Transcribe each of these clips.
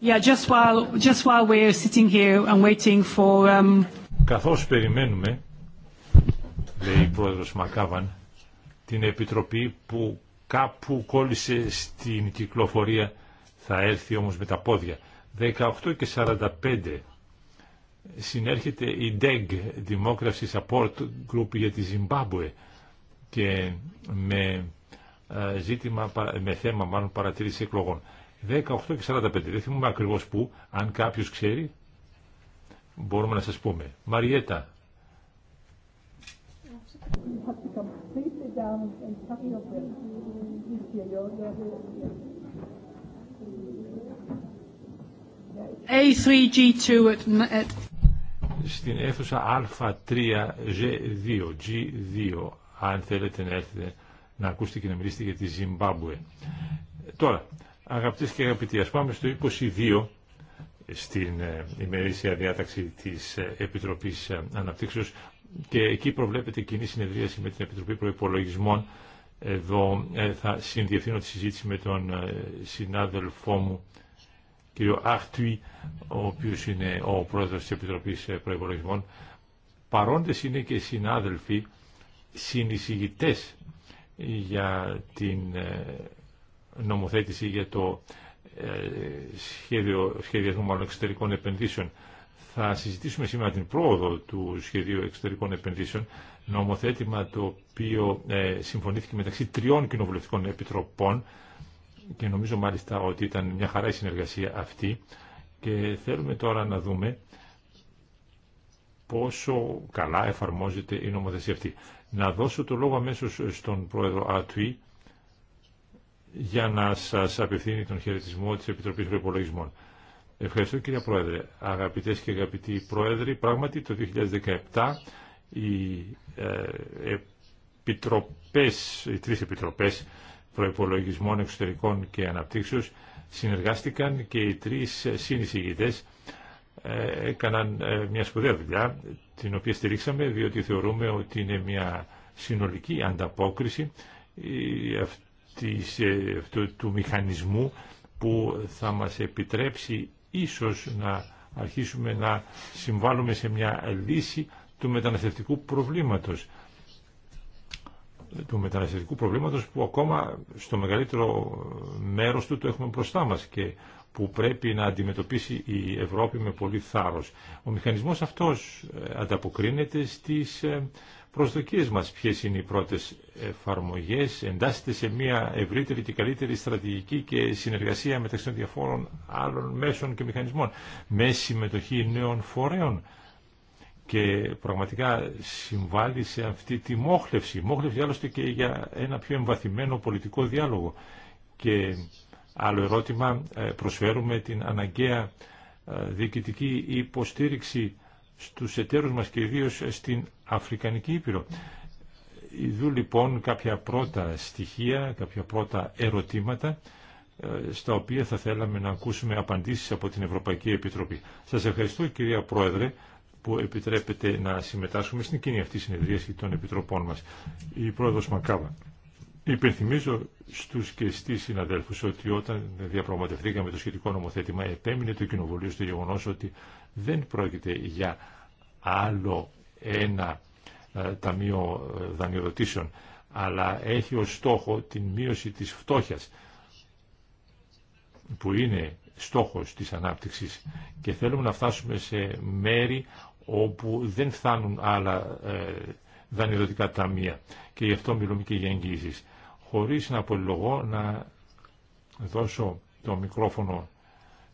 Yeah, just while, just while we're sitting here and waiting for... Um, Καθώς περιμένουμε, λέει η πρόεδρος Μακάβαν, την επιτροπή που κάπου κόλλησε στην κυκλοφορία, θα έρθει όμως με τα πόδια. 18 και 45 συνέρχεται η DEG, Democracy Support Group για τη Ζιμπάμπουε και με, ε, ζήτημα, με θέμα μάλλον παρατήρηση εκλογών. 18 και 45, δεν θυμούμε ακριβώς πού, αν κάποιος ξέρει, μπορούμε να σας πούμε. Μαριέτα. A3G2 Στην αίθουσα Α3G2, G2, αν θέλετε να έρθετε να ακούσετε και να μιλήσετε για τη Ζιμπάμπουε. Τώρα, αγαπητές και αγαπητοί, ας πάμε στο 22 στην ε, ημερήσια διάταξη της ε, Επιτροπής ε, Αναπτύξεως και εκεί προβλέπεται κοινή συνεδρίαση με την Επιτροπή Προϋπολογισμών. Εδώ θα συνδιευθύνω τη συζήτηση με τον συνάδελφό μου, κύριο Αχτουι, ο οποίος είναι ο πρόεδρος της Επιτροπής Προϋπολογισμών. Παρόντες είναι και συνάδελφοι συνεισηγητές για την ε, νομοθέτηση για το ε, σχέδιο, σχεδιασμό εξωτερικών επενδύσεων. Θα συζητήσουμε σήμερα την πρόοδο του σχεδίου εξωτερικών επενδύσεων, νομοθέτημα το οποίο ε, συμφωνήθηκε μεταξύ τριών κοινοβουλευτικών επιτροπών και νομίζω μάλιστα ότι ήταν μια χαρά η συνεργασία αυτή και θέλουμε τώρα να δούμε πόσο καλά εφαρμόζεται η νομοθεσία αυτή. Να δώσω το λόγο αμέσως στον πρόεδρο Ατουή για να σας απευθύνει τον χαιρετισμό της Επιτροπής Προπολογισμών. Ευχαριστώ κύριε Πρόεδρε. Αγαπητές και αγαπητοί Πρόεδροι, πράγματι το 2017 οι ε, επιτροπές, οι τρεις επιτροπές προϋπολογισμών εξωτερικών και αναπτύξεως συνεργάστηκαν και οι τρεις συνεισηγητές ε, έκαναν ε, μια σπουδαία δουλειά, την οποία στηρίξαμε, διότι θεωρούμε ότι είναι μια συνολική ανταπόκριση αυτού του μηχανισμού που θα μας επιτρέψει ίσως να αρχίσουμε να συμβάλλουμε σε μια λύση του μεταναστευτικού προβλήματος του μεταναστευτικού προβλήματος που ακόμα στο μεγαλύτερο μέρος του το έχουμε μπροστά μας και που πρέπει να αντιμετωπίσει η Ευρώπη με πολύ θάρρος. Ο μηχανισμός αυτός ε, ανταποκρίνεται στις ε, προσδοκίες μας. Ποιες είναι οι πρώτες εφαρμογές, εντάσσεται σε μια ευρύτερη και καλύτερη στρατηγική και συνεργασία μεταξύ των διαφόρων άλλων μέσων και μηχανισμών, με συμμετοχή νέων φορέων και πραγματικά συμβάλλει σε αυτή τη μόχλευση, μόχλευση άλλωστε και για ένα πιο εμβαθυμένο πολιτικό διάλογο. Και Άλλο ερώτημα, ε, προσφέρουμε την αναγκαία ε, διοικητική υποστήριξη στους εταίρους μας και ιδίω στην Αφρικανική Ήπειρο. Ιδού λοιπόν κάποια πρώτα στοιχεία, κάποια πρώτα ερωτήματα ε, στα οποία θα θέλαμε να ακούσουμε απαντήσεις από την Ευρωπαϊκή Επιτροπή. Σας ευχαριστώ κυρία Πρόεδρε που επιτρέπετε να συμμετάσχουμε στην κοινή αυτή συνεδρίαση των Επιτροπών μας. Η Πρόεδρος Μακάβα. Υπενθυμίζω στου και στι συναδέλφους ότι όταν διαπραγματευθήκαμε το σχετικό νομοθέτημα επέμεινε το Κοινοβουλίο στο γεγονό ότι δεν πρόκειται για άλλο ένα ε, ταμείο ε, δανειοδοτήσεων αλλά έχει ως στόχο την μείωση της φτώχειας που είναι στόχος της ανάπτυξης και θέλουμε να φτάσουμε σε μέρη όπου δεν φτάνουν άλλα ε, δανειοδοτικά ταμεία και γι' αυτό μιλούμε και για εγγύησεις χωρίς να απολογώ να δώσω το μικρόφωνο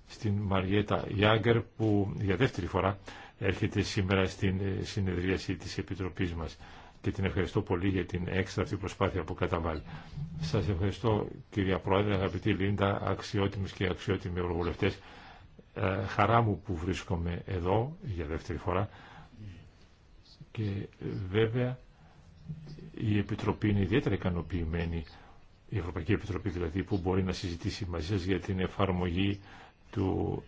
στην Μαριέτα Γιάγκερ που για δεύτερη φορά έρχεται σήμερα στην ε, συνεδρίαση της Επιτροπής μας και την ευχαριστώ πολύ για την έξτρα αυτή προσπάθεια που καταβάλει. Σας ευχαριστώ κυρία Πρόεδρε, αγαπητή Λίντα, αξιότιμες και αξιότιμοι ευρωβουλευτές. Ε, χαρά μου που βρίσκομαι εδώ για δεύτερη φορά και βέβαια η Επιτροπή είναι ιδιαίτερα ικανοποιημένη, η Ευρωπαϊκή Επιτροπή δηλαδή, που μπορεί να συζητήσει μαζί σας για την εφαρμογή του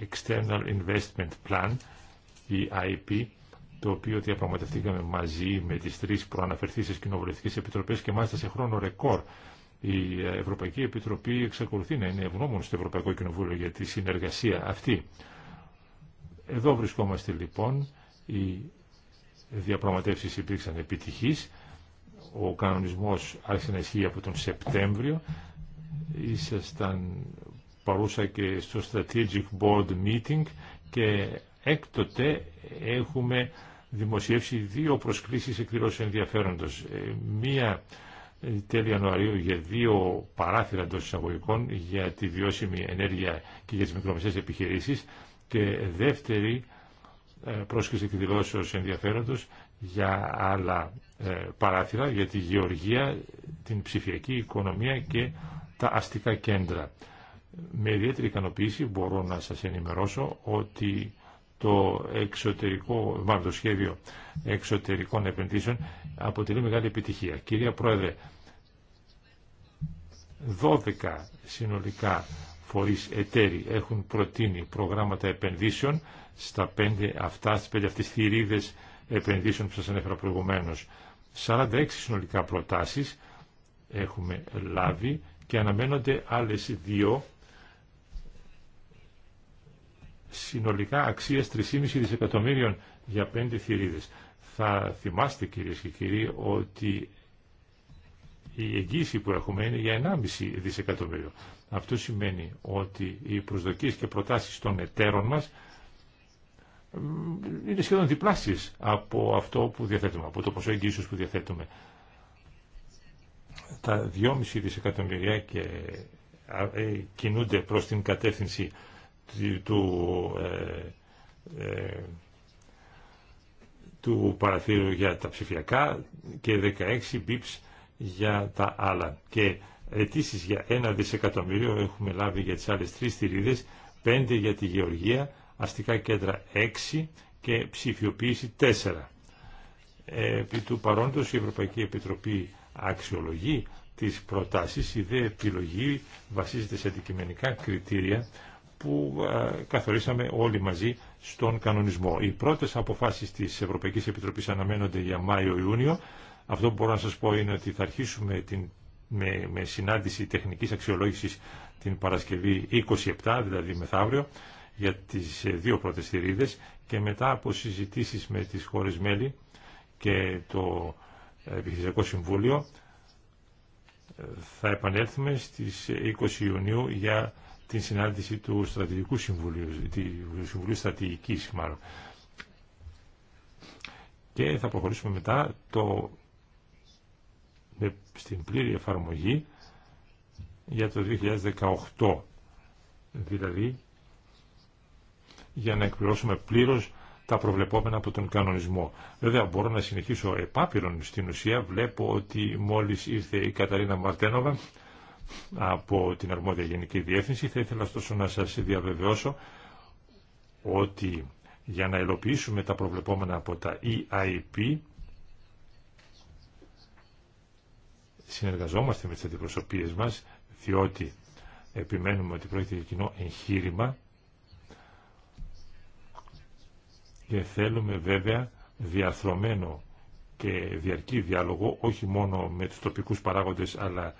External Investment Plan, η IP, το οποίο διαπραγματευτήκαμε μαζί με τις τρεις προαναφερθήσεις κοινοβουλευτικές επιτροπές και μάλιστα σε χρόνο ρεκόρ. Η Ευρωπαϊκή Επιτροπή εξακολουθεί να είναι ευγνώμων στο Ευρωπαϊκό Κοινοβούλιο για τη συνεργασία αυτή. Εδώ βρισκόμαστε λοιπόν. Η διαπραγματεύσεις υπήρξαν επιτυχείς. Ο κανονισμός άρχισε να ισχύει από τον Σεπτέμβριο. Ήσασταν παρούσα και στο Strategic Board Meeting και έκτοτε έχουμε δημοσιεύσει δύο προσκλήσεις εκδηλώσεων ενδιαφέροντος. Ε, μία τέλη Ιανουαρίου για δύο παράθυρα των εισαγωγικών για τη βιώσιμη ενέργεια και για τις μικρομεσαίες επιχειρήσεις και δεύτερη ε, πρόσκληση εκδηλώσεως ενδιαφέροντος για άλλα ε, παράθυρα για τη γεωργία, την ψηφιακή οικονομία και τα αστικά κέντρα. Με ιδιαίτερη ικανοποίηση μπορώ να σας ενημερώσω ότι το, εξωτερικό, μάλλον σχέδιο εξωτερικών επενδύσεων αποτελεί μεγάλη επιτυχία. Κυρία Πρόεδρε, 12 συνολικά φορείς εταίροι έχουν προτείνει προγράμματα επενδύσεων στα πέντε αυτά, στις πέντε αυτές θηρίδες επενδύσεων που σας ανέφερα προηγουμένως. 46 συνολικά προτάσεις έχουμε λάβει και αναμένονται άλλες δύο συνολικά αξίες 3,5 δισεκατομμύριων για πέντε θηρίδες. Θα θυμάστε κυρίες και κύριοι ότι η εγγύηση που έχουμε είναι για 1,5 δισεκατομμύριο. Αυτό σημαίνει ότι οι προσδοκίες και προτάσεις των εταίρων μας είναι σχεδόν διπλάσεις από αυτό που διαθέτουμε, από το ποσό εγγύησης που διαθέτουμε. Τα 2,5 δισεκατομμυρία και ε, κινούνται προς την κατεύθυνση του, ε, ε, του παραθύρου για τα ψηφιακά και 16 bips για τα άλλα. Και αιτήσει για ένα δισεκατομμύριο έχουμε λάβει για τις άλλες τρεις θηρίδες, πέντε για τη γεωργία, αστικά κέντρα έξι και ψηφιοποίηση τέσσερα Επί του παρόντος η Ευρωπαϊκή Επιτροπή αξιολογεί τις προτάσεις, η δε επιλογή βασίζεται σε αντικειμενικά κριτήρια που ε, καθορίσαμε όλοι μαζί στον κανονισμό. Οι πρώτες αποφάσεις της Ευρωπαϊκής Επιτροπής αναμένονται για Μάιο-Ιούνιο αυτό που μπορώ να σας πω είναι ότι θα αρχίσουμε την, με, συνάντηση τεχνικής αξιολόγησης την Παρασκευή 27, δηλαδή μεθαύριο, για τις ε, δύο πρώτες θηρίδες και μετά από συζητήσεις με τις χώρες μέλη και το ε, Επιχειρησιακό Συμβούλιο ε, θα επανέλθουμε στις 20 Ιουνίου για την συνάντηση του Στρατηγικού Συμβουλίου, του Συμβουλίου Στρατηγικής μάλλον. Και θα προχωρήσουμε μετά το με, στην πλήρη εφαρμογή για το 2018. Δηλαδή, για να εκπληρώσουμε πλήρως τα προβλεπόμενα από τον κανονισμό. Βέβαια, μπορώ να συνεχίσω επάπειρον στην ουσία. Βλέπω ότι μόλις ήρθε η Καταρίνα Μαρτένοβα από την Αρμόδια Γενική Διεύθυνση. Θα ήθελα ωστόσο να σας διαβεβαιώσω ότι για να ελοποιήσουμε τα προβλεπόμενα από τα EIP συνεργαζόμαστε με τις αντιπροσωπείες μας, διότι επιμένουμε ότι πρόκειται για κοινό εγχείρημα και θέλουμε βέβαια διαθρωμένο και διαρκή διάλογο, όχι μόνο με τους τοπικούς παράγοντες, αλλά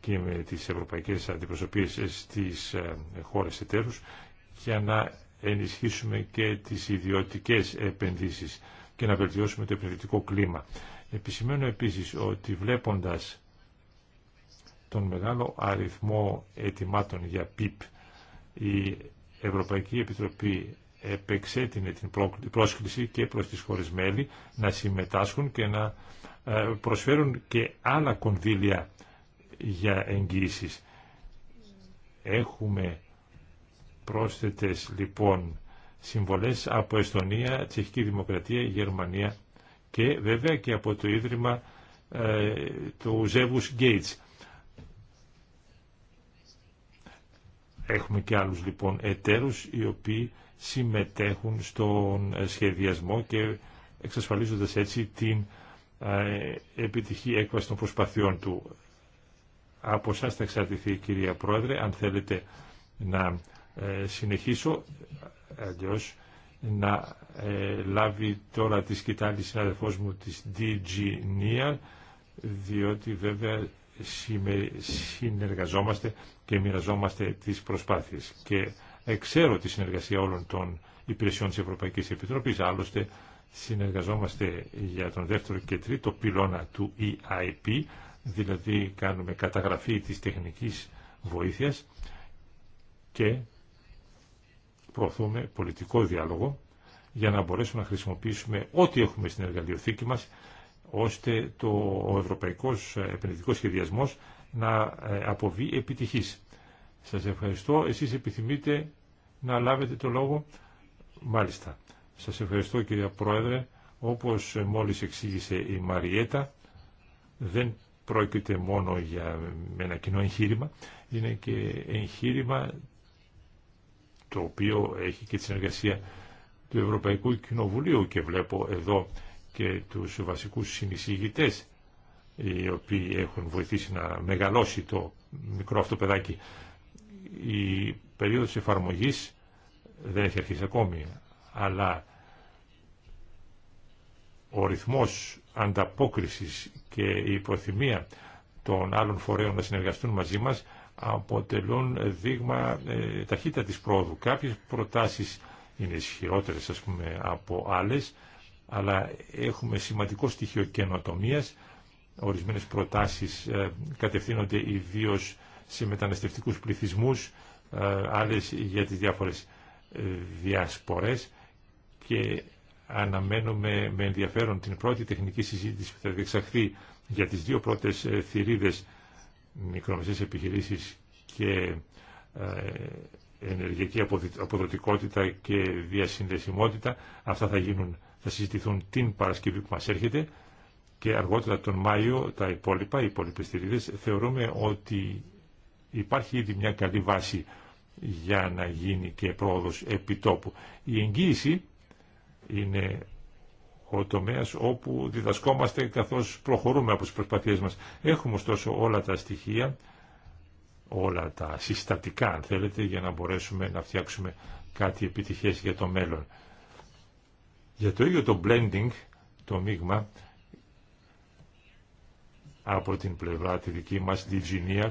και με τις ευρωπαϊκές αντιπροσωπείες στις ε, χώρες εταίρους, για να ενισχύσουμε και τις ιδιωτικές επενδύσεις και να βελτιώσουμε το επενδυτικό κλίμα. Επισημαίνω επίσης ότι βλέποντας τον μεγάλο αριθμό ετοιμάτων για ΠΙΠ η Ευρωπαϊκή Επιτροπή επεξέτεινε την πρόσκληση και προς τις χώρες να συμμετάσχουν και να ε, προσφέρουν και άλλα κονδύλια για εγγύησεις. Έχουμε πρόσθετες λοιπόν συμβολές από Εστονία, Τσεχική Δημοκρατία, Γερμανία και βέβαια και από το Ίδρυμα ε, του Ζεύους Γκέιτς. Έχουμε και άλλους λοιπόν εταίρους οι οποίοι συμμετέχουν στον ε, σχεδιασμό και εξασφαλίζοντας έτσι την ε, επιτυχή έκβαση των προσπαθειών του. Από σας θα εξαρτηθεί κυρία Πρόεδρε αν θέλετε να ε, συνεχίσω αλλιώ να λάβει τώρα τη σκητάλη συναδελφός μου της DG Near διότι βέβαια συνεργαζόμαστε και μοιραζόμαστε τις προσπάθειες. Και εξέρω τη συνεργασία όλων των υπηρεσιών της Ευρωπαϊκής Επιτροπής. Άλλωστε, συνεργαζόμαστε για τον δεύτερο και τρίτο πυλώνα του EIP, δηλαδή κάνουμε καταγραφή της τεχνικής βοήθειας και προωθούμε πολιτικό διάλογο για να μπορέσουμε να χρησιμοποιήσουμε ό,τι έχουμε στην εργαλειοθήκη μας ώστε το, ο ευρωπαϊκός ε, επενδυτικός σχεδιασμός να ε, αποβεί επιτυχής. Σας ευχαριστώ. Εσείς επιθυμείτε να λάβετε το λόγο. Μάλιστα. Σας ευχαριστώ κυρία Πρόεδρε. Όπως μόλις εξήγησε η Μαριέτα, δεν πρόκειται μόνο για ένα κοινό εγχείρημα, είναι και εγχείρημα το οποίο έχει και τη συνεργασία του Ευρωπαϊκού Κοινοβουλίου και βλέπω εδώ και τους βασικούς συνεισηγητές οι οποίοι έχουν βοηθήσει να μεγαλώσει το μικρό αυτό παιδάκι. Η περίοδος εφαρμογής δεν έχει αρχίσει ακόμη, αλλά ο ρυθμός ανταπόκρισης και η προθυμία των άλλων φορέων να συνεργαστούν μαζί μας αποτελούν δείγμα ε, ταχύτητα της πρόοδου. Κάποιες προτάσεις είναι ισχυρότερες ας πούμε από άλλες αλλά έχουμε σημαντικό στοιχείο καινοτομία. Ορισμένες προτάσεις ε, κατευθύνονται ιδίω σε μεταναστευτικούς πληθυσμούς, ε, άλλες για τις διάφορες διασπορές και αναμένουμε με ενδιαφέρον την πρώτη τεχνική συζήτηση που θα διεξαχθεί για τις δύο πρώτες ε, θηρίδες μικρομεσαίες επιχειρήσεις και ενεργειακή αποδοτικότητα και διασυνδεσιμότητα. Αυτά θα γίνουν θα συζητηθούν την Παρασκευή που μας έρχεται και αργότερα τον Μάιο τα υπόλοιπα, οι υπόλοιπε θεωρούμε ότι υπάρχει ήδη μια καλή βάση για να γίνει και πρόοδος επιτόπου. Η εγγύηση είναι ο τομέας όπου διδασκόμαστε καθώς προχωρούμε από τις προσπαθίες μας. Έχουμε ωστόσο όλα τα στοιχεία, όλα τα συστατικά αν θέλετε, για να μπορέσουμε να φτιάξουμε κάτι επιτυχές για το μέλλον. Για το ίδιο το blending, το μείγμα, από την πλευρά τη δική μας Digineer,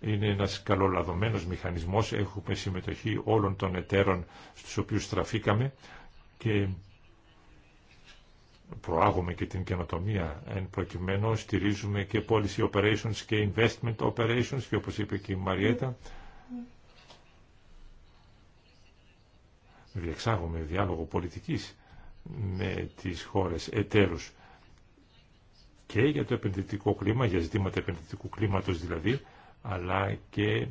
είναι ένας καλολαδωμένος μηχανισμός, έχουμε συμμετοχή όλων των εταίρων στους οποίους στραφήκαμε και προάγουμε και την καινοτομία εν προκειμένου στηρίζουμε και policy operations και investment operations και όπως είπε και η Μαριέτα διεξάγουμε διάλογο πολιτικής με τις χώρες εταίρους και για το επενδυτικό κλίμα, για ζητήματα επενδυτικού κλίματος δηλαδή, αλλά και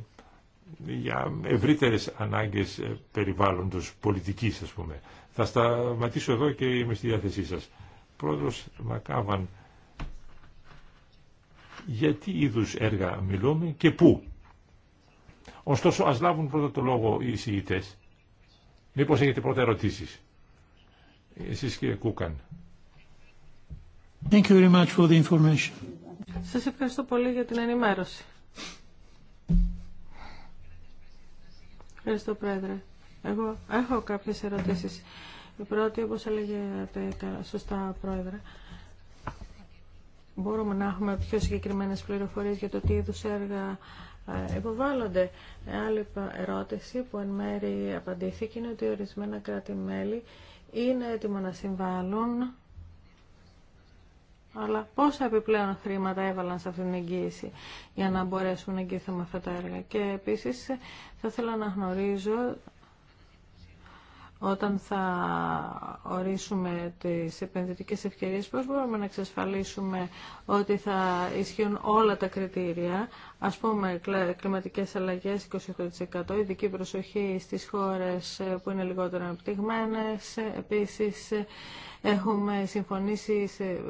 για ευρύτερες ανάγκες περιβάλλοντος πολιτικής ας πούμε. Θα σταματήσω εδώ και είμαι στη διάθεσή σας. Πρόεδρος Μακάβαν, για τι είδους έργα μιλούμε και πού. Ωστόσο ας λάβουν πρώτα το λόγο οι Μήπως έχετε πρώτα ερωτήσεις. Εσείς κύριε Κούκαν. Thank you very much for the information. Σας ευχαριστώ πολύ για την ενημέρωση. Ευχαριστώ Πρόεδρε. Εγώ έχω κάποιες ερωτήσεις. Η πρώτη, όπως έλεγε σωστά Πρόεδρε, μπορούμε να έχουμε πιο συγκεκριμένες πληροφορίες για το τι είδους έργα υποβάλλονται. Άλλη ερώτηση που εν μέρη απαντήθηκε είναι ότι ορισμένα κράτη-μέλη είναι έτοιμα να συμβάλλουν αλλά πόσα επιπλέον χρήματα έβαλαν σε αυτήν την εγγύηση για να μπορέσουν να εγγύθουν αυτά τα έργα. Και επίσης θα ήθελα να γνωρίζω όταν θα ορίσουμε τις επενδυτικές ευκαιρίες, πώς μπορούμε να εξασφαλίσουμε ότι θα ισχύουν όλα τα κριτήρια, ας πούμε κλιματικές αλλαγές 28%, ειδική προσοχή στις χώρες που είναι λιγότερο αναπτυγμένες. Επίσης, έχουμε συμφωνήσει σε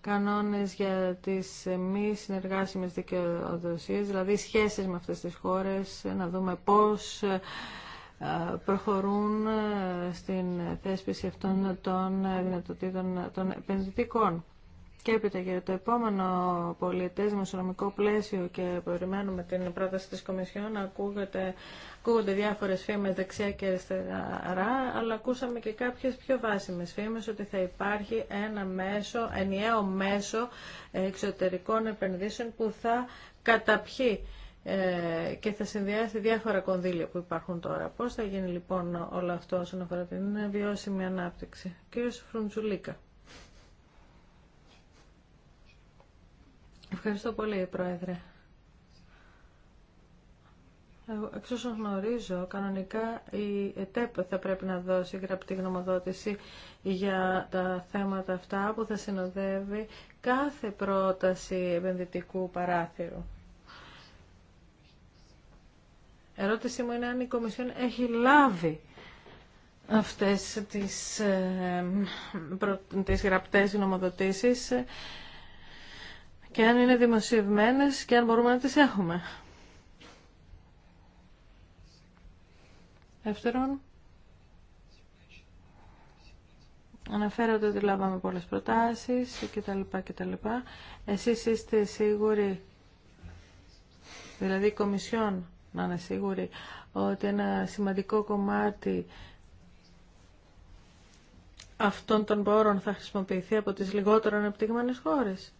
κανόνες για τις μη συνεργάσιμες δικαιοδοσίες, δηλαδή σχέσεις με αυτές τις χώρες, να δούμε πώς προχωρούν ε, στην θέσπιση αυτών των δυνατοτήτων των επενδυτικών. Και έπειτα για το επόμενο πολιτές δημοσιονομικό πλαίσιο και περιμένουμε την πρόταση της Κομισιόν ακούγονται, ακούγονται διάφορες φήμες δεξιά και αριστερά αλλά ακούσαμε και κάποιες πιο βάσιμες φήμες ότι θα υπάρχει ένα μέσο, ενιαίο μέσο εξωτερικών επενδύσεων που θα καταπιεί ε, και θα συνδυάσει διάφορα κονδύλια που υπάρχουν τώρα. Πώς θα γίνει λοιπόν όλο αυτό όσον αφορά την βιώσιμη ανάπτυξη. Κύριος Φρουντζουλίκα. Ευχαριστώ πολύ, Πρόεδρε. Εξ όσων γνωρίζω, κανονικά η ΕΤΕΠ θα πρέπει να δώσει γραπτή γνωμοδότηση για τα θέματα αυτά που θα συνοδεύει κάθε πρόταση επενδυτικού παράθυρου. Ερώτησή μου είναι αν η Κομισιόν έχει λάβει αυτές τις, ε, προ, γραπτές και αν είναι δημοσιευμένες και αν μπορούμε να τις έχουμε. Δεύτερον, αναφέρατε ότι λάβαμε πολλές προτάσεις κτλ. κτλ. Εσείς είστε σίγουροι, δηλαδή η Κομισιόν να είναι σίγουροι ότι ένα σημαντικό κομμάτι αυτών των πόρων θα χρησιμοποιηθεί από τις λιγότερο ανεπτυγμένες χώρες.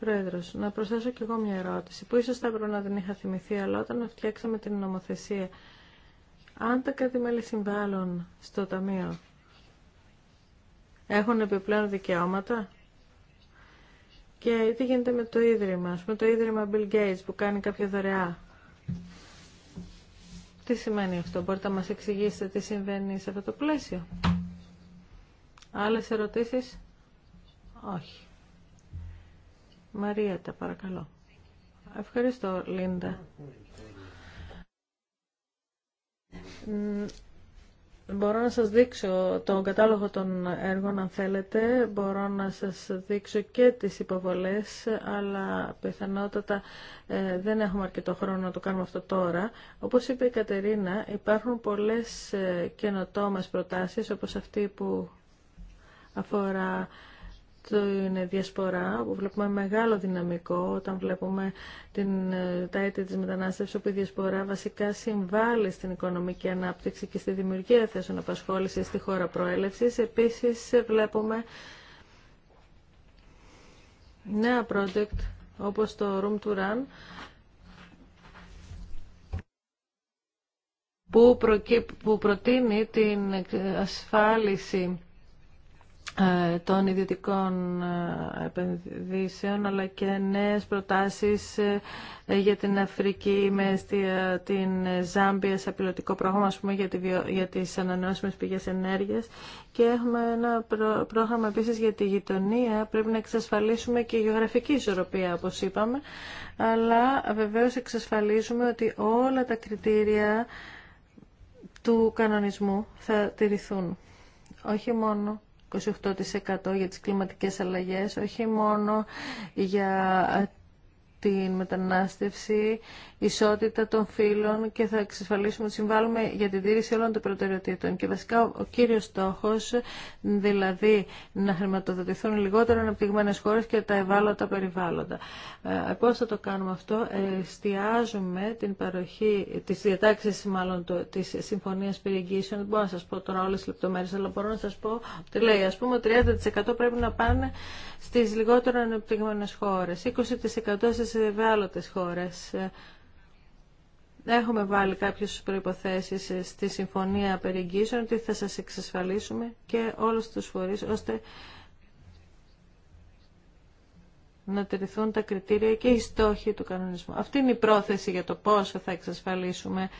Πρόεδρος, να προσθέσω κι εγώ μια ερώτηση που ίσως θα έπρεπε να την είχα θυμηθεί, αλλά όταν φτιάξαμε την νομοθεσία, αν τα κάτι μέλη συμβάλλουν στο Ταμείο, έχουν επιπλέον δικαιώματα και τι γίνεται με το Ίδρυμα, με το Ίδρυμα Bill Gates που κάνει κάποια δωρεά. Τι σημαίνει αυτό, μπορείτε να μας εξηγήσετε τι συμβαίνει σε αυτό το πλαίσιο. Άλλες ερωτήσεις. Όχι. Μαρία, τα παρακαλώ. Ευχαριστώ, Λίντα. Μπορώ να σας δείξω τον κατάλογο των έργων αν θέλετε, μπορώ να σας δείξω και τις υποβολές, αλλά πιθανότατα ε, δεν έχουμε αρκετό χρόνο να το κάνουμε αυτό τώρα. Όπως είπε η Κατερίνα, υπάρχουν πολλές ε, καινοτόμες προτάσεις, όπως αυτή που αφορά την διασπορά που βλέπουμε μεγάλο δυναμικό όταν βλέπουμε την, τα έτη της μετανάστευσης όπου η διασπορά βασικά συμβάλλει στην οικονομική ανάπτυξη και στη δημιουργία θέσεων απασχόλησης στη χώρα προέλευσης. Επίσης βλέπουμε νέα project όπως το Room to Run που, προτείνει την ασφάλιση ε, των ιδιωτικών ε, επενδύσεων αλλά και νέες προτάσεις ε, για την Αφρική με την Ζάμπια σε πιλωτικό πρόγραμμα πούμε, για, τη για τις ανανεώσιμες πηγές ενέργειας και έχουμε ένα πρόγραμμα επίσης για τη γειτονία πρέπει να εξασφαλίσουμε και γεωγραφική ισορροπία όπως είπαμε αλλά βεβαίως εξασφαλίζουμε ότι όλα τα κριτήρια του κανονισμού θα τηρηθούν όχι μόνο 28% για τις κλιματικές αλλαγές, όχι μόνο για την μετανάστευση, ισότητα των φύλων και θα εξασφαλίσουμε ότι συμβάλλουμε για την τήρηση όλων των προτεραιοτήτων. Και βασικά ο κύριος στόχος, δηλαδή να χρηματοδοτηθούν λιγότερο αναπτυγμένες χώρες και τα ευάλωτα περιβάλλοντα. Ε, πώς θα το κάνουμε αυτό, ε, εστιάζουμε την παροχή, τις διατάξεις μάλλον το, της Συμφωνίας Περιεγγύσεων, δεν μπορώ να σας πω τώρα όλες τις λεπτομέρειες, αλλά μπορώ να σας πω ότι λέει ας πούμε 30% πρέπει να πάνε στις λιγότερο αναπτυγμένες χώρε. 20% ευάλωτες χώρες. Έχουμε βάλει κάποιες προϋποθέσεις στη Συμφωνία Περιγγύσεων ότι θα σας εξασφαλίσουμε και όλους τους φορείς ώστε να τηρηθούν τα κριτήρια και οι στόχοι του κανονισμού. Αυτή είναι η πρόθεση για το πώς θα εξασφαλίσουμε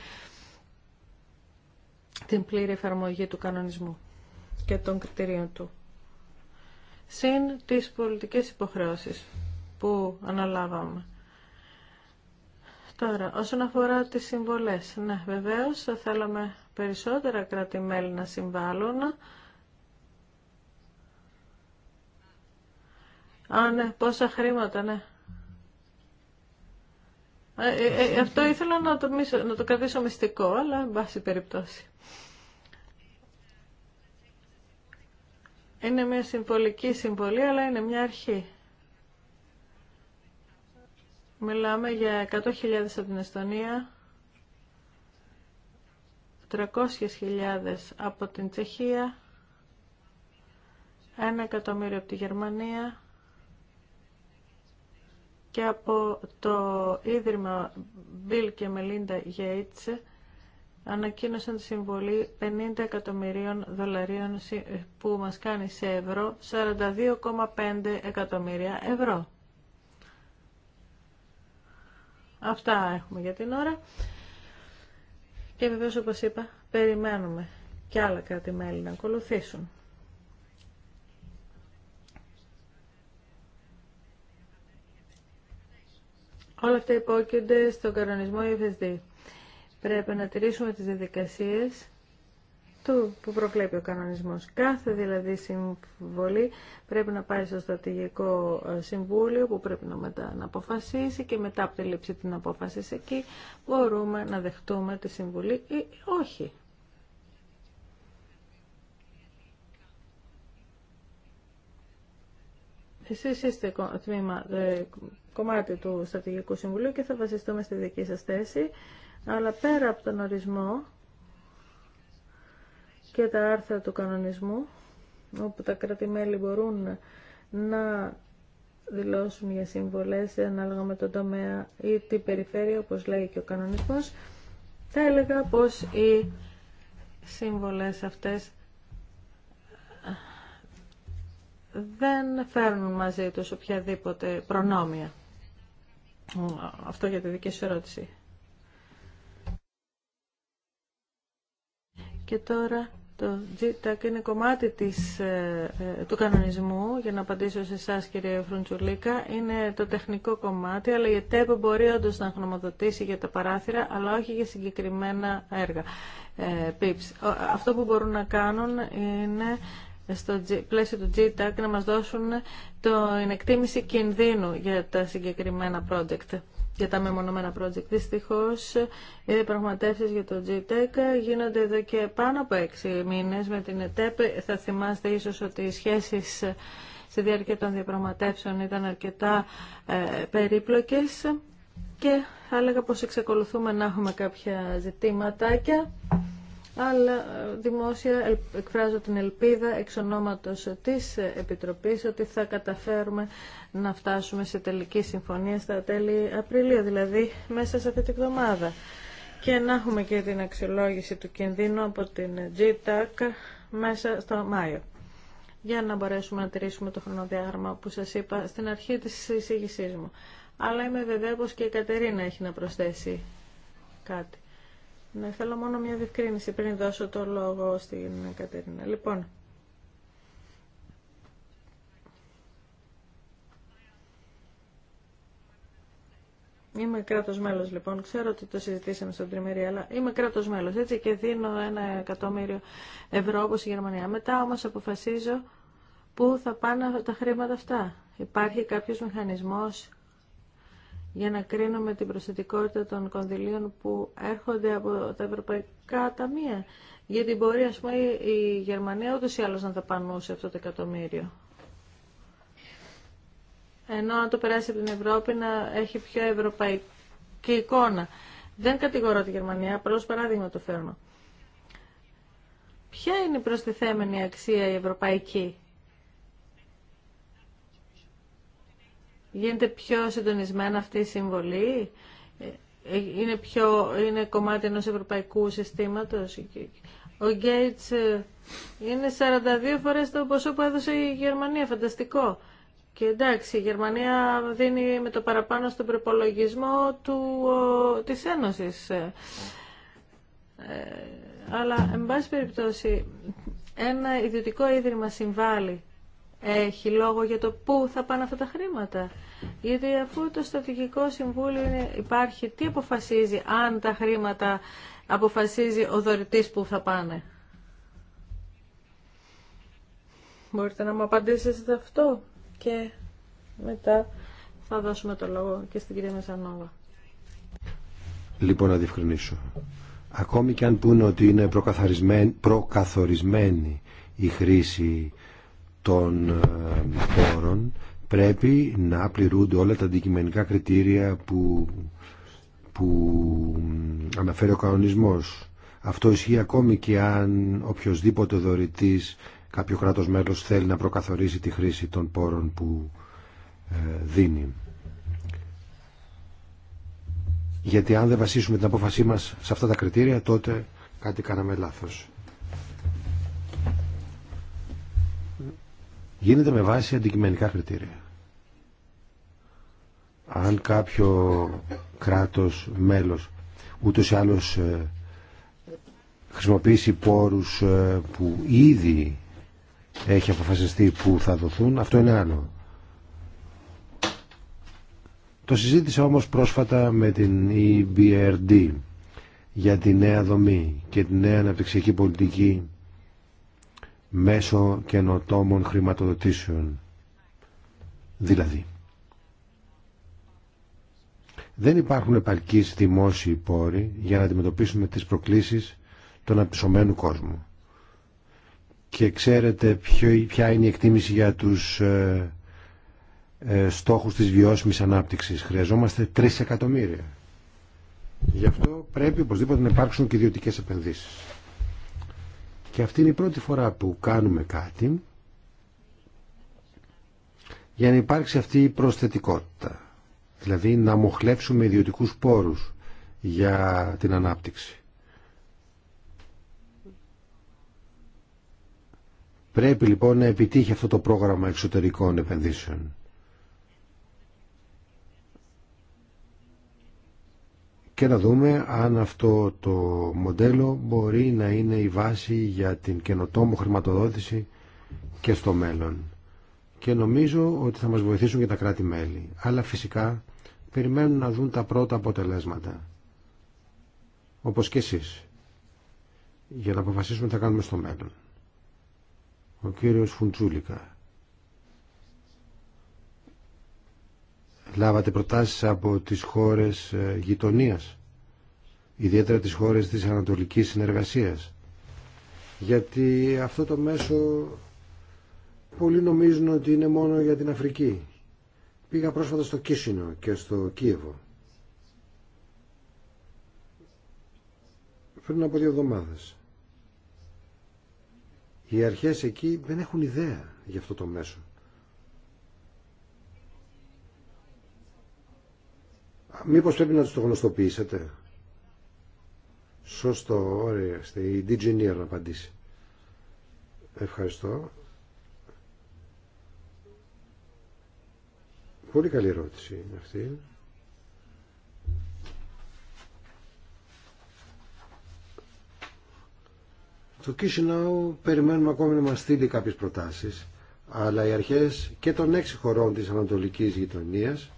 την πλήρη εφαρμογή του κανονισμού και των κριτηρίων του. Συν τις πολιτικές υποχρεώσεις που αναλάβαμε. Τώρα, όσον αφορά τις συμβολές, ναι, βεβαίως θέλαμε περισσότερα κράτη-μέλη να συμβάλλουν. Α, ναι, πόσα χρήματα, ναι. Ε, ε, ε αυτό ήθελα να το, να το κρατήσω μυστικό, αλλά εν πάση περιπτώσει. Είναι μια συμβολική συμβολή, αλλά είναι μια αρχή. Μιλάμε για 100.000 από την Εστονία, 300.000 από την Τσεχία, 1 εκατομμύριο από τη Γερμανία και από το Ίδρυμα Bill και Melinda Gates ανακοίνωσαν τη συμβολή 50 εκατομμυρίων δολαρίων που μας κάνει σε ευρώ 42,5 εκατομμύρια ευρώ. Αυτά έχουμε για την ώρα. Και βεβαίω όπω είπα, περιμένουμε και άλλα κράτη-μέλη να ακολουθήσουν. Όλα αυτά υπόκεινται στον κανονισμό EFSD. Πρέπει να τηρήσουμε τις διαδικασίες που προβλέπει ο κανονισμός. Κάθε δηλαδή συμβολή πρέπει να πάει στο στρατηγικό ε, συμβούλιο που πρέπει να, μετά, αποφασίσει και μετά από τη λήψη την απόφαση εκεί μπορούμε να δεχτούμε τη συμβουλή ή όχι. Εσείς είστε τμήμα, ε, κομμάτι του Στρατηγικού Συμβουλίου και θα βασιστούμε στη δική σας θέση, αλλά πέρα από τον ορισμό και τα άρθρα του κανονισμού, όπου τα κρατη μπορούν να δηλώσουν για συμβολές ανάλογα με τον τομέα ή την περιφέρεια, όπως λέει και ο κανονισμός, θα έλεγα πως οι σύμβολες αυτές δεν φέρνουν μαζί τους οποιαδήποτε προνόμια. Αυτό για τη δική σου ερώτηση. Και τώρα το GTAC είναι κομμάτι της, ε, ε, του κανονισμού, για να απαντήσω σε εσά κύριε Φρουντσουλίκα, είναι το τεχνικό κομμάτι, αλλά η ΕΤΕΠ μπορεί όντω να γνωμοδοτήσει για τα παράθυρα, αλλά όχι για συγκεκριμένα έργα. Ε, Αυτό που μπορούν να κάνουν είναι στο πλαίσιο του GTAC να μας δώσουν την εκτίμηση κινδύνου για τα συγκεκριμένα project για τα μεμονωμένα project. Δυστυχώ, οι διαπραγματεύσει για το GTEC γίνονται εδώ και πάνω από έξι μήνε με την ΕΤΕΠ. Θα θυμάστε ίσω ότι οι σχέσει στη διάρκεια των διαπραγματεύσεων ήταν αρκετά ε, περίπλοκες και θα έλεγα πως εξακολουθούμε να έχουμε κάποια ζητήματάκια αλλά ε, δημόσια ε, εκφράζω την ελπίδα εξ ονόματος της Επιτροπής ότι θα καταφέρουμε να φτάσουμε σε τελική συμφωνία στα τέλη Απριλίου, δηλαδή μέσα σε αυτή τη εβδομάδα. Και να έχουμε και την αξιολόγηση του κινδύνου από την GTAC μέσα στο Μάιο για να μπορέσουμε να τηρήσουμε το χρονοδιάγραμμα που σας είπα στην αρχή της εισήγησής μου. Αλλά είμαι βεβαία και η Κατερίνα έχει να προσθέσει κάτι. Ναι, θέλω μόνο μια διευκρίνηση πριν δώσω το λόγο στην Κατερίνα. Λοιπόν, Είμαι κράτο μέλο λοιπόν. Ξέρω ότι το συζητήσαμε στον τριμερή, αλλά είμαι κράτο μέλο. Έτσι και δίνω ένα εκατομμύριο ευρώ όπω η Γερμανία. Μετά όμω αποφασίζω πού θα πάνε τα χρήματα αυτά. Υπάρχει κάποιο μηχανισμό για να κρίνουμε την προσθετικότητα των κονδυλίων που έρχονται από τα ευρωπαϊκά ταμεία. Γιατί μπορεί, ας πούμε, η Γερμανία ούτως ή άλλως να πανούσε αυτό το εκατομμύριο. Ενώ αν το περάσει από την Ευρώπη να έχει πιο ευρωπαϊκή εικόνα. Δεν κατηγορώ τη Γερμανία, απλώς παράδειγμα το φέρνω. Ποια είναι η προστιθέμενη αξία η ευρωπαϊκή Γίνεται πιο συντονισμένα αυτή η συμβολή. Ε, είναι, πιο, είναι κομμάτι ενός ευρωπαϊκού συστήματος. Ο Γκέιτς ε, είναι 42 φορές το ποσό που έδωσε η Γερμανία. Φανταστικό. Και εντάξει, η Γερμανία δίνει με το παραπάνω στον προπολογισμό του, της Ένωσης. Ε, αλλά, εν πάση περιπτώσει, ένα ιδιωτικό ίδρυμα συμβάλλει έχει λόγο για το πού θα πάνε αυτά τα χρήματα. Γιατί αφού το Στρατηγικό Συμβούλιο υπάρχει, τι αποφασίζει αν τα χρήματα αποφασίζει ο δωρητής που θα πάνε. Μπορείτε να μου απαντήσετε αυτό και μετά θα δώσουμε το λόγο και στην κυρία Μεσανόβα. Λοιπόν, να διευκρινίσω. Ακόμη και αν πούνε ότι είναι προκαθορισμένη η χρήση των ε, πόρων πρέπει να πληρούνται όλα τα αντικειμενικά κριτήρια που, που αναφέρει ο κανονισμός. Αυτό ισχύει ακόμη και αν οποιοδήποτε δωρητής κάποιο κράτος μέλος θέλει να προκαθορίσει τη χρήση των πόρων που ε, δίνει. Γιατί αν δεν βασίσουμε την απόφασή μας σε αυτά τα κριτήρια τότε κάτι κάναμε λάθος. γίνεται με βάση αντικειμενικά κριτήρια. Αν κάποιο κράτος μέλος ούτως ή άλλως ε, χρησιμοποιήσει πόρους ε, που ήδη έχει αποφασιστεί που θα δοθούν, αυτό είναι άλλο. Το συζήτησα όμως πρόσφατα με την EBRD για τη νέα δομή και τη νέα αναπτυξιακή πολιτική μέσω καινοτόμων χρηματοδοτήσεων. Δηλαδή, δεν υπάρχουν επαρκείς δημόσιοι πόροι για να αντιμετωπίσουμε τις προκλήσεις των απεισωμένου κόσμου. Και ξέρετε ποια είναι η εκτίμηση για τους ε, ε, στόχους της βιώσιμης ανάπτυξης. Χρειαζόμαστε 3 εκατομμύρια. Γι' αυτό πρέπει οπωσδήποτε να υπάρξουν και ιδιωτικέ επενδύσεις. Και αυτή είναι η πρώτη φορά που κάνουμε κάτι για να υπάρξει αυτή η προσθετικότητα. Δηλαδή να μοχλεύσουμε ιδιωτικούς πόρους για την ανάπτυξη. Πρέπει λοιπόν να επιτύχει αυτό το πρόγραμμα εξωτερικών επενδύσεων. και να δούμε αν αυτό το μοντέλο μπορεί να είναι η βάση για την καινοτόμο χρηματοδότηση και στο μέλλον. Και νομίζω ότι θα μας βοηθήσουν και τα κράτη-μέλη. Αλλά φυσικά περιμένουν να δουν τα πρώτα αποτελέσματα. Όπως και εσείς. Για να αποφασίσουμε τι θα κάνουμε στο μέλλον. Ο κύριος Φουντζούλικα. λάβατε προτάσεις από τις χώρες ε, γειτονίας, ιδιαίτερα τις χώρες της ανατολικής συνεργασίας. Γιατί αυτό το μέσο πολλοί νομίζουν ότι είναι μόνο για την Αφρική. Πήγα πρόσφατα στο Κίσινο και στο Κίεβο. Πριν από δύο εβδομάδες. Οι αρχές εκεί δεν έχουν ιδέα για αυτό το μέσο. Μήπως πρέπει να τους το γνωστοποιήσετε. Σωστό, ωραία. Η Digineer να απαντήσει. Ευχαριστώ. Πολύ καλή ερώτηση είναι αυτή. Το Κίσινάου περιμένουμε ακόμη να μας στείλει κάποιες προτάσεις, αλλά οι αρχές και των έξι χωρών της Ανατολικής Γειτονίας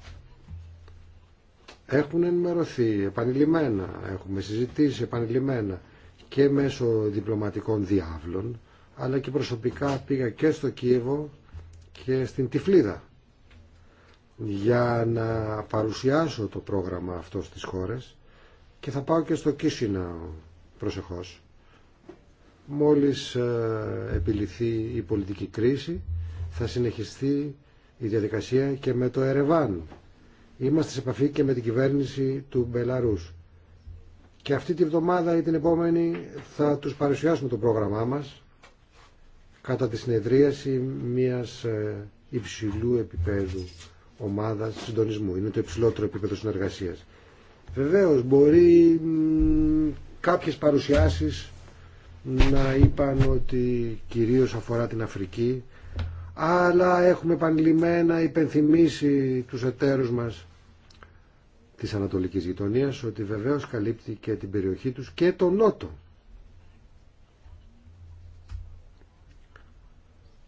έχουν ενημερωθεί επανειλημμένα, έχουμε συζητήσει επανειλημμένα και μέσω διπλωματικών διάβλων, αλλά και προσωπικά πήγα και στο Κίεβο και στην Τυφλίδα για να παρουσιάσω το πρόγραμμα αυτό στις χώρες και θα πάω και στο Κίσινα προσεχώς μόλις ε, επιληθεί η πολιτική κρίση θα συνεχιστεί η διαδικασία και με το Ερεβάν Είμαστε σε επαφή και με την κυβέρνηση του Μπελαρούς. Και αυτή τη βδομάδα ή την επόμενη θα τους παρουσιάσουμε το πρόγραμμά μας κατά τη συνεδρίαση μιας ε, υψηλού επίπεδου ομάδας συντονισμού. Είναι το υψηλότερο επίπεδο συνεργασίας. Βεβαίως μπορεί κάποιες παρουσιάσεις να είπαν ότι κυρίως αφορά την Αφρική αλλά έχουμε επανειλημμένα υπενθυμίσει τους εταίρους μας της Ανατολικής Γειτονίας ότι βεβαίως καλύπτει και την περιοχή τους και τον Νότο.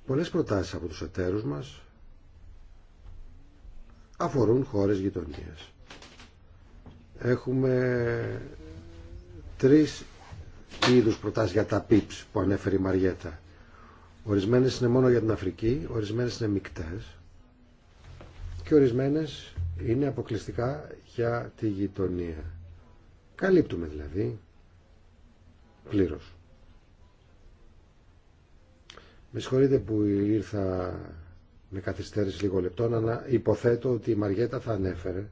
Πολλές προτάσεις από τους εταίρους μας αφορούν χώρες γειτονίας. Έχουμε τρεις είδους προτάσεις για τα PIPS που ανέφερε η Μαριέτα. Ορισμένες είναι μόνο για την Αφρική, ορισμένες είναι μικτές και ορισμένες είναι αποκλειστικά για τη γειτονία. Καλύπτουμε δηλαδή πλήρως. Με συγχωρείτε που ήρθα με καθυστέρηση λίγο λεπτό υποθέτω ότι η Μαριέτα θα ανέφερε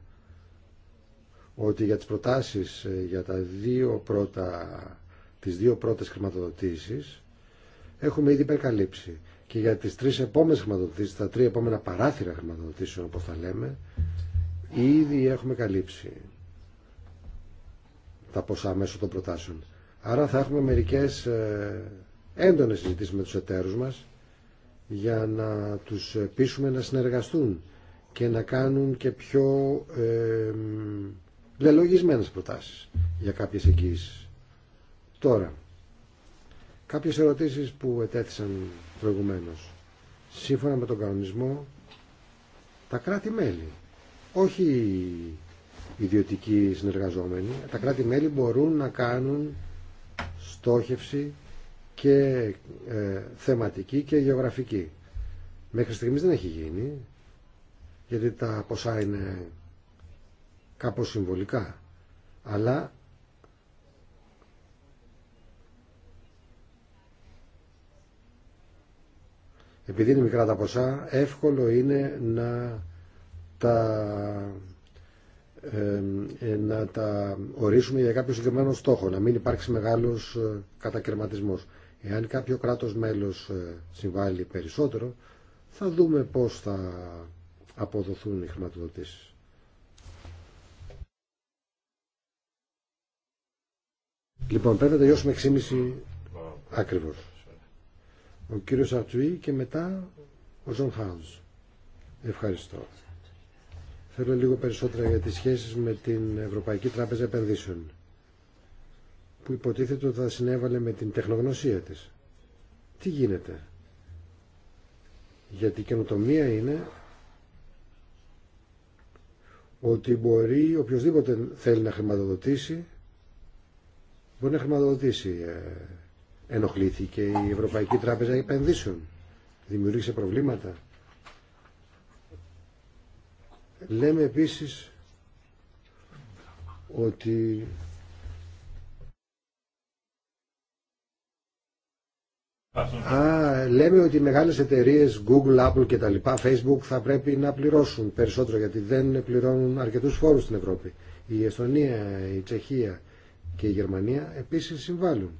ότι για τις προτάσεις ε, για τα δύο πρώτα, τις δύο πρώτες χρηματοδοτήσεις έχουμε ήδη υπερκαλύψει. Και για τις τρεις επόμενες χρηματοδοτήσεις, τα τρία επόμενα παράθυρα χρηματοδοτήσεων, όπως θα λέμε, ήδη έχουμε καλύψει τα ποσά μέσω των προτάσεων. Άρα θα έχουμε μερικές ε, έντονες συζητήσεις με τους εταίρους μας για να τους πείσουμε να συνεργαστούν και να κάνουν και πιο ε, λελογισμένες προτάσεις για κάποιες εγγύησεις. Τώρα, Κάποιες ερωτήσεις που ετέθησαν προηγουμένως. Σύμφωνα με τον κανονισμό, τα κράτη-μέλη, όχι οι ιδιωτικοί συνεργαζόμενοι, τα κράτη-μέλη μπορούν να κάνουν στόχευση και ε, θεματική και γεωγραφική. Μέχρι στιγμής δεν έχει γίνει, γιατί τα ποσά είναι κάπως συμβολικά, αλλά επειδή είναι μικρά τα ποσά, εύκολο είναι να τα, ε, να τα ορίσουμε για κάποιο συγκεκριμένο στόχο, να μην υπάρξει μεγάλος ε, κατακαιρματισμός. Εάν κάποιο κράτος μέλος ε, συμβάλλει περισσότερο, θα δούμε πώς θα αποδοθούν οι χρηματοδοτήσεις. Λοιπόν, πρέπει να τελειώσουμε 6,5 ακριβώς ο κύριος Αρτουή και μετά ο Ζων Χάουζ. Ευχαριστώ. Θέλω λίγο περισσότερα για τις σχέσεις με την Ευρωπαϊκή Τράπεζα Επενδύσεων που υποτίθεται ότι θα συνέβαλε με την τεχνογνωσία της. Τι γίνεται. Γιατί η καινοτομία είναι ότι μπορεί οποιοδήποτε θέλει να χρηματοδοτήσει μπορεί να χρηματοδοτήσει ε, ενοχλήθηκε η Ευρωπαϊκή Τράπεζα Επενδύσεων. Δημιούργησε προβλήματα. Λέμε επίσης ότι Α, λέμε ότι οι μεγάλες εταιρείες Google, Apple και τα λοιπά, Facebook θα πρέπει να πληρώσουν περισσότερο γιατί δεν πληρώνουν αρκετούς φόρους στην Ευρώπη. Η Εστονία, η Τσεχία και η Γερμανία επίσης συμβάλλουν.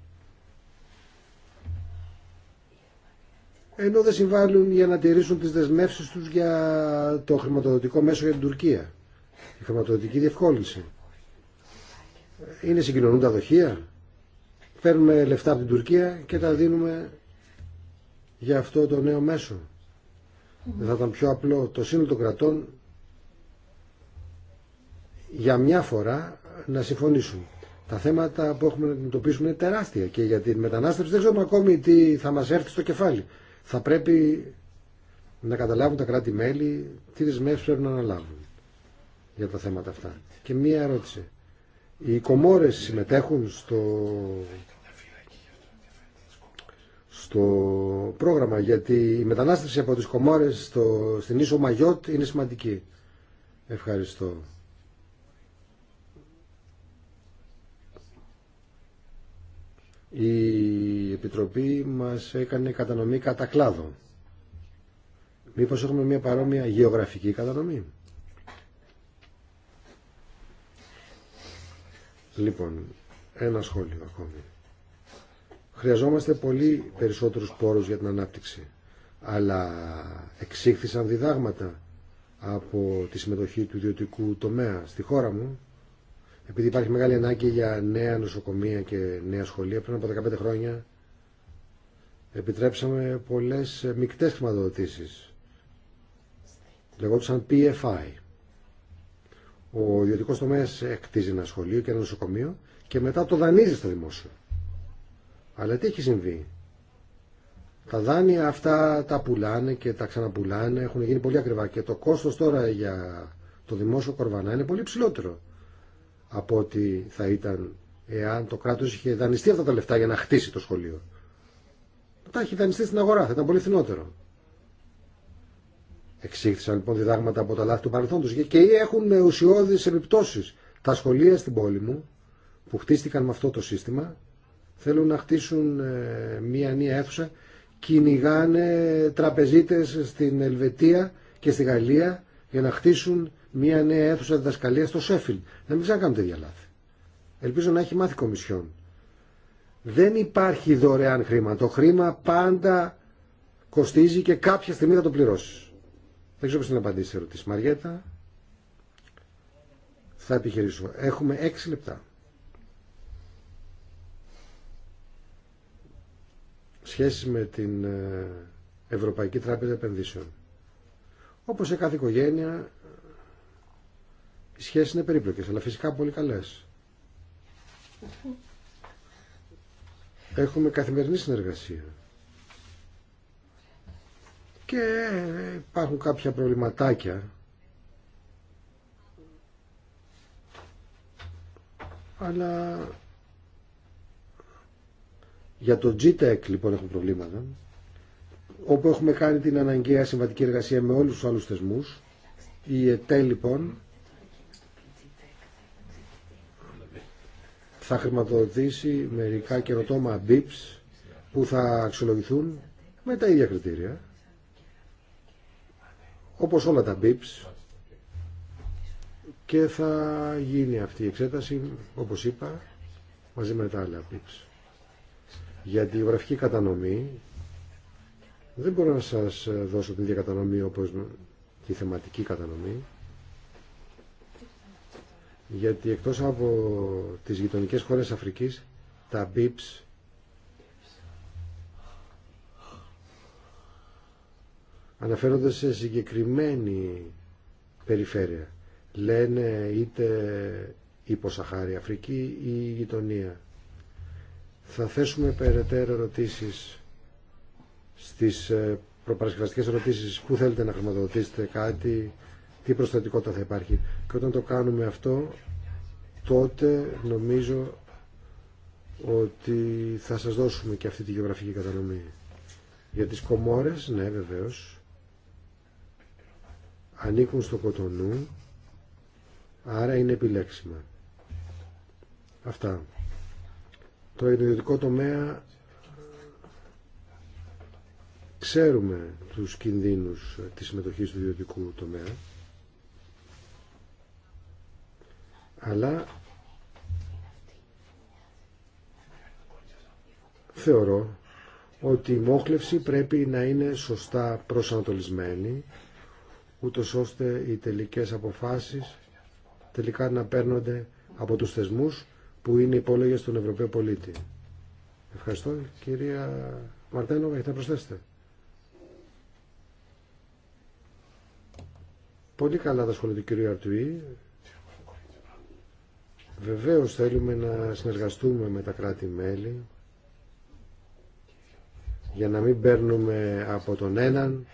ενώ δεν συμβάλλουν για να τηρήσουν τις δεσμεύσεις τους για το χρηματοδοτικό μέσο για την Τουρκία. Η χρηματοδοτική διευκόλυνση. Είναι συγκοινωνούν τα δοχεία. Παίρνουμε λεφτά από την Τουρκία και τα δίνουμε για αυτό το νέο μέσο. Δεν θα ήταν πιο απλό το σύνολο των κρατών για μια φορά να συμφωνήσουν. Τα θέματα που έχουμε να αντιμετωπίσουμε είναι τεράστια και για την μετανάστευση δεν ξέρουμε ακόμη τι θα μας έρθει στο κεφάλι. Θα πρέπει να καταλάβουν τα κράτη-μέλη τι δεσμεύσει πρέπει να αναλάβουν για τα θέματα αυτά. Και μία ερώτηση. Οι κομόρες συμμετέχουν στο, στο πρόγραμμα γιατί η μετανάστευση από τις κομόρες στο... στην Ίσο Μαγιότ είναι σημαντική. Ευχαριστώ. η Επιτροπή μας έκανε κατανομή κατά κλάδο. Μήπως έχουμε μια παρόμοια γεωγραφική κατανομή. Λοιπόν, ένα σχόλιο ακόμη. Χρειαζόμαστε πολύ περισσότερους πόρους για την ανάπτυξη. Αλλά εξήχθησαν διδάγματα από τη συμμετοχή του ιδιωτικού τομέα στη χώρα μου επειδή υπάρχει μεγάλη ανάγκη για νέα νοσοκομεία και νέα σχολεία, πριν από 15 χρόνια επιτρέψαμε πολλές μικτές χρηματοδοτήσεις. Λεγόντουσαν PFI. Ο ιδιωτικό τομέα εκτίζει ένα σχολείο και ένα νοσοκομείο και μετά το δανείζει στο δημόσιο. Αλλά τι έχει συμβεί. Τα δάνεια αυτά τα πουλάνε και τα ξαναπουλάνε, έχουν γίνει πολύ ακριβά και το κόστος τώρα για το δημόσιο κορβανά είναι πολύ ψηλότερο από ότι θα ήταν εάν το κράτος είχε δανειστεί αυτά τα λεφτά για να χτίσει το σχολείο. Τα έχει δανειστεί στην αγορά, θα ήταν πολύ φθηνότερο. Εξήχθησαν λοιπόν διδάγματα από τα λάθη του παρελθόντος και έχουν ουσιώδεις επιπτώσεις. Τα σχολεία στην πόλη μου που χτίστηκαν με αυτό το σύστημα θέλουν να χτίσουν ε, μία νέα αίθουσα, κυνηγάνε τραπεζίτες στην Ελβετία και στη Γαλλία για να χτίσουν μια νέα αίθουσα διδασκαλία στο Σέφιλ. Να μην ξανακάνουν τέτοια λάθη. Ελπίζω να έχει μάθει κομισιόν. Δεν υπάρχει δωρεάν χρήμα. Το χρήμα πάντα κοστίζει και κάποια στιγμή θα το πληρώσει. Δεν ξέρω πώ να απαντήσει σε Μαριέτα, θα επιχειρήσω. Έχουμε έξι λεπτά. Σχέση με την ε, Ευρωπαϊκή Τράπεζα Επενδύσεων. Όπως σε κάθε οικογένεια οι σχέσεις είναι περίπλοκες, αλλά φυσικά πολύ καλές. Έχουμε καθημερινή συνεργασία. Και υπάρχουν κάποια προβληματάκια. Αλλά για το GTEC λοιπόν έχουμε προβλήματα όπου έχουμε κάνει την αναγκαία συμβατική εργασία με όλους τους άλλους θεσμούς. Η ΕΤΕ λοιπόν θα χρηματοδοτήσει μερικά καινοτόμα BIPs που θα αξιολογηθούν με τα ίδια κριτήρια. Όπως όλα τα BIPs και θα γίνει αυτή η εξέταση, όπως είπα, μαζί με τα άλλα BIPs. Για τη γραφική κατανομή δεν μπορώ να σας δώσω την ίδια κατανομή όπως τη θεματική κατανομή γιατί εκτός από τις γειτονικές χώρες Αφρικής τα BIPs αναφέρονται σε συγκεκριμένη περιφέρεια λένε είτε η Αφρική ή η γειτονία θα θέσουμε περαιτέρω ερωτήσεις στις ε, προπαρασκευαστικές ερωτήσεις που θέλετε να χρηματοδοτήσετε κάτι τι προστατικότητα θα υπάρχει. Και όταν το κάνουμε αυτό, τότε νομίζω ότι θα σας δώσουμε και αυτή τη γεωγραφική κατανομή. Για τις Κομόρες, ναι βεβαίως, ανήκουν στο Κοτονού, άρα είναι επιλέξιμα. Αυτά. Το ιδιωτικό τομέα ξέρουμε τους κινδύνους της συμμετοχής του ιδιωτικού τομέα αλλά θεωρώ ότι η μόχλευση πρέπει να είναι σωστά προσανατολισμένη ούτω ώστε οι τελικές αποφάσεις τελικά να παίρνονται από τους θεσμούς που είναι υπόλογε στον Ευρωπαίο πολίτη. Ευχαριστώ. Κυρία Μαρτένο, έχετε να προσθέσετε. Πολύ καλά τα σχόλια του κυρίου Αρτουή. Βεβαίως θέλουμε να συνεργαστούμε με τα κράτη-μέλη για να μην παίρνουμε από τον έναν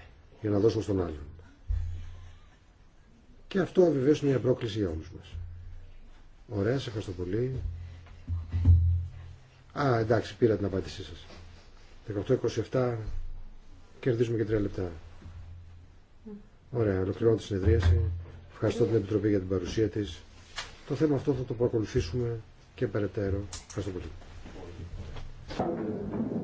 για να δώσουμε στον άλλον. Και αυτό βεβαίως είναι μια πρόκληση για όλους μας. Ωραία, σε ευχαριστώ πολύ. Α, εντάξει, πήρα την απάντησή σας. 18-27, κερδίζουμε και 3 λεπτά. Ωραία, ολοκληρώνω τη συνεδρίαση. Ευχαριστώ την Επιτροπή για την παρουσία της. Το θέμα αυτό θα το παρακολουθήσουμε και περαιτέρω. Ευχαριστώ πολύ.